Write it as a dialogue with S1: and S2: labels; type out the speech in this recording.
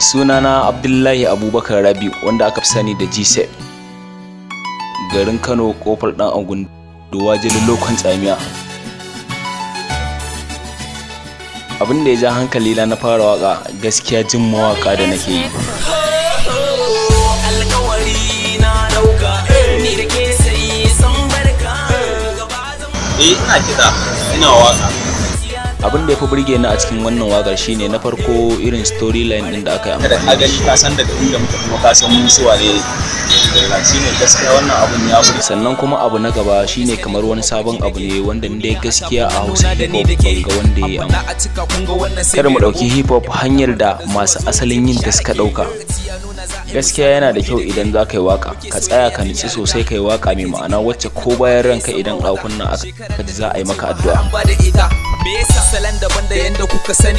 S1: sunana abdullahi abubakar rabi wanda aka fi sani da g garin kano kofar dan angun da lokacin tsamiya abin da ya ja hankali na fara waka gaskiya jin mawaka da nake yi eh ina kiɗa ina waka abin da ya fi burge ni a cikin wannan wakar shine na farko irin storyline din da aka yi amfani da shi ka san daga inda muka kuma ka san mun suwa ne shine gaskiya wannan abun ya buri. sannan kuma abu na gaba shine kamar wani sabon abu ne wanda dai gaskiya a Hausa hip hop ga wanda ya amma kada mu dauki hip hop hanyar da masu asalin yin ta suka dauka gaskiya yana da kyau idan za ka yi waka ka tsaya ka nitsi sosai ka yi waka mai ma'ana wacce ko bayan ranka idan ɗaukun aka ji za a yi maka addu'a me yasa salon daban da yanda kuka sani